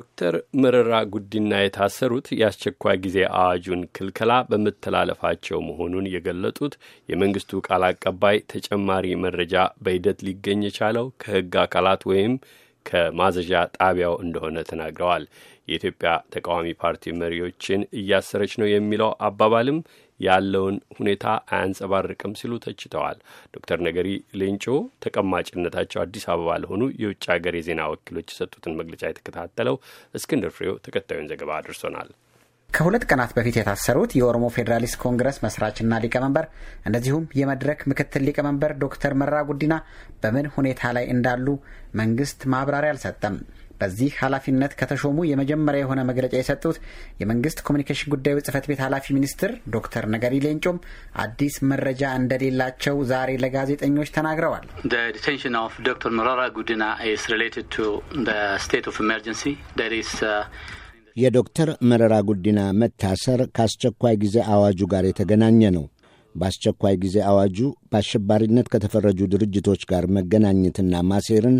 ዶክተር መረራ ጉዲና የታሰሩት የአስቸኳይ ጊዜ አዋጁን ክልከላ በመተላለፋቸው መሆኑን የገለጡት የመንግስቱ ቃል አቀባይ ተጨማሪ መረጃ በሂደት ሊገኝ የቻለው ከህግ አካላት ወይም ከማዘዣ ጣቢያው እንደሆነ ተናግረዋል። የኢትዮጵያ ተቃዋሚ ፓርቲ መሪዎችን እያሰረች ነው የሚለው አባባልም ያለውን ሁኔታ አያንጸባርቅም ሲሉ ተችተዋል። ዶክተር ነገሪ ሌንጮ ተቀማጭነታቸው አዲስ አበባ ለሆኑ የውጭ ሀገር የዜና ወኪሎች የሰጡትን መግለጫ የተከታተለው እስክንድር ፍሬው ተከታዩን ዘገባ አድርሶናል። ከሁለት ቀናት በፊት የታሰሩት የኦሮሞ ፌዴራሊስት ኮንግረስ መስራችና ሊቀመንበር እንደዚሁም የመድረክ ምክትል ሊቀመንበር ዶክተር መራ ጉዲና በምን ሁኔታ ላይ እንዳሉ መንግስት ማብራሪያ አልሰጠም። በዚህ ኃላፊነት ከተሾሙ የመጀመሪያ የሆነ መግለጫ የሰጡት የመንግስት ኮሚኒኬሽን ጉዳዩ ጽህፈት ቤት ኃላፊ ሚኒስትር ዶክተር ነገሪ ሌንጮም አዲስ መረጃ እንደሌላቸው ዛሬ ለጋዜጠኞች ተናግረዋል። ዶክተር መራራ ጉዲና የዶክተር መረራ ጉዲና መታሰር ከአስቸኳይ ጊዜ አዋጁ ጋር የተገናኘ ነው። በአስቸኳይ ጊዜ አዋጁ በአሸባሪነት ከተፈረጁ ድርጅቶች ጋር መገናኘትና ማሴርን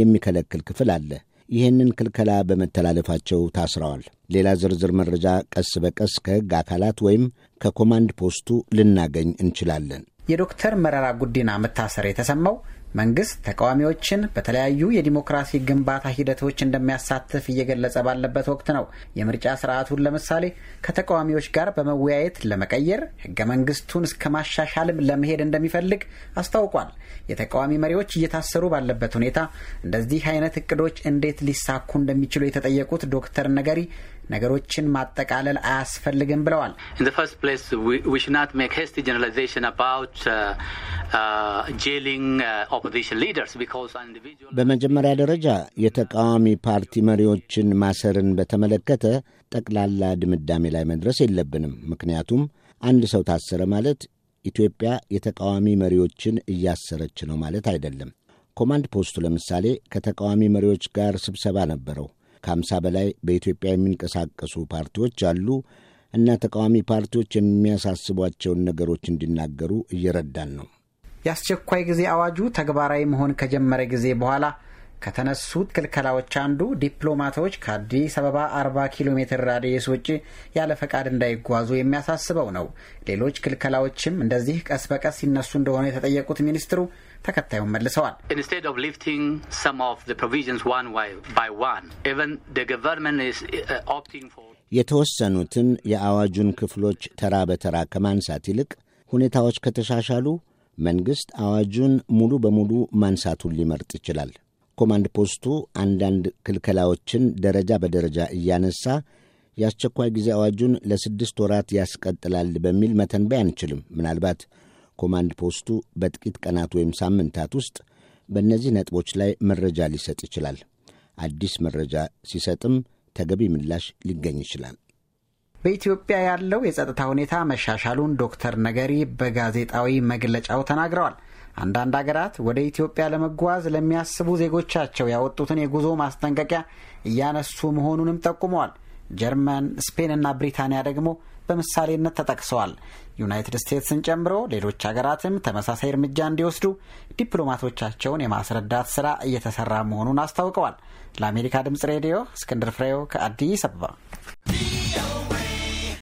የሚከለክል ክፍል አለ። ይህንን ክልከላ በመተላለፋቸው ታስረዋል። ሌላ ዝርዝር መረጃ ቀስ በቀስ ከሕግ አካላት ወይም ከኮማንድ ፖስቱ ልናገኝ እንችላለን። የዶክተር መረራ ጉዲና መታሰር የተሰማው መንግስት ተቃዋሚዎችን በተለያዩ የዲሞክራሲ ግንባታ ሂደቶች እንደሚያሳትፍ እየገለጸ ባለበት ወቅት ነው የምርጫ ስርዓቱን ለምሳሌ ከተቃዋሚዎች ጋር በመወያየት ለመቀየር ህገ መንግስቱን እስከ ማሻሻልም ለመሄድ እንደሚፈልግ አስታውቋል። የተቃዋሚ መሪዎች እየታሰሩ ባለበት ሁኔታ እንደዚህ አይነት እቅዶች እንዴት ሊሳኩ እንደሚችሉ የተጠየቁት ዶክተር ነገሪ ነገሮችን ማጠቃለል አያስፈልግም ብለዋል። Uh, uh, በመጀመሪያ ደረጃ የተቃዋሚ ፓርቲ መሪዎችን ማሰርን በተመለከተ ጠቅላላ ድምዳሜ ላይ መድረስ የለብንም። ምክንያቱም አንድ ሰው ታሰረ ማለት ኢትዮጵያ የተቃዋሚ መሪዎችን እያሰረች ነው ማለት አይደለም። ኮማንድ ፖስቱ ለምሳሌ ከተቃዋሚ መሪዎች ጋር ስብሰባ ነበረው። ከአምሳ በላይ በኢትዮጵያ የሚንቀሳቀሱ ፓርቲዎች አሉ እና ተቃዋሚ ፓርቲዎች የሚያሳስቧቸውን ነገሮች እንዲናገሩ እየረዳን ነው። የአስቸኳይ ጊዜ አዋጁ ተግባራዊ መሆን ከጀመረ ጊዜ በኋላ ከተነሱት ክልከላዎች አንዱ ዲፕሎማቶች ከአዲስ አበባ 40 ኪሎ ሜትር ራዲየስ ውጭ ያለ ፈቃድ እንዳይጓዙ የሚያሳስበው ነው። ሌሎች ክልከላዎችም እንደዚህ ቀስ በቀስ ሲነሱ እንደሆነ የተጠየቁት ሚኒስትሩ ተከታዩን መልሰዋል። uh, የተወሰኑትን የአዋጁን ክፍሎች ተራ በተራ ከማንሳት ይልቅ ሁኔታዎች ከተሻሻሉ መንግሥት አዋጁን ሙሉ በሙሉ ማንሳቱን ሊመርጥ ይችላል። ኮማንድ ፖስቱ አንዳንድ ክልከላዎችን ደረጃ በደረጃ እያነሳ የአስቸኳይ ጊዜ አዋጁን ለስድስት ወራት ያስቀጥላል በሚል መተንበይ አንችልም። ምናልባት ኮማንድ ፖስቱ በጥቂት ቀናት ወይም ሳምንታት ውስጥ በእነዚህ ነጥቦች ላይ መረጃ ሊሰጥ ይችላል። አዲስ መረጃ ሲሰጥም ተገቢ ምላሽ ሊገኝ ይችላል። በኢትዮጵያ ያለው የጸጥታ ሁኔታ መሻሻሉን ዶክተር ነገሪ በጋዜጣዊ መግለጫው ተናግረዋል። አንዳንድ አገራት ወደ ኢትዮጵያ ለመጓዝ ለሚያስቡ ዜጎቻቸው ያወጡትን የጉዞ ማስጠንቀቂያ እያነሱ መሆኑንም ጠቁመዋል። ጀርመን፣ ስፔን እና ብሪታንያ ደግሞ በምሳሌነት ተጠቅሰዋል። ዩናይትድ ስቴትስን ጨምሮ ሌሎች ሀገራትም ተመሳሳይ እርምጃ እንዲወስዱ ዲፕሎማቶቻቸውን የማስረዳት ስራ እየተሰራ መሆኑን አስታውቀዋል። ለአሜሪካ ድምጽ ሬዲዮ እስክንድር ፍሬው ከአዲስ አበባ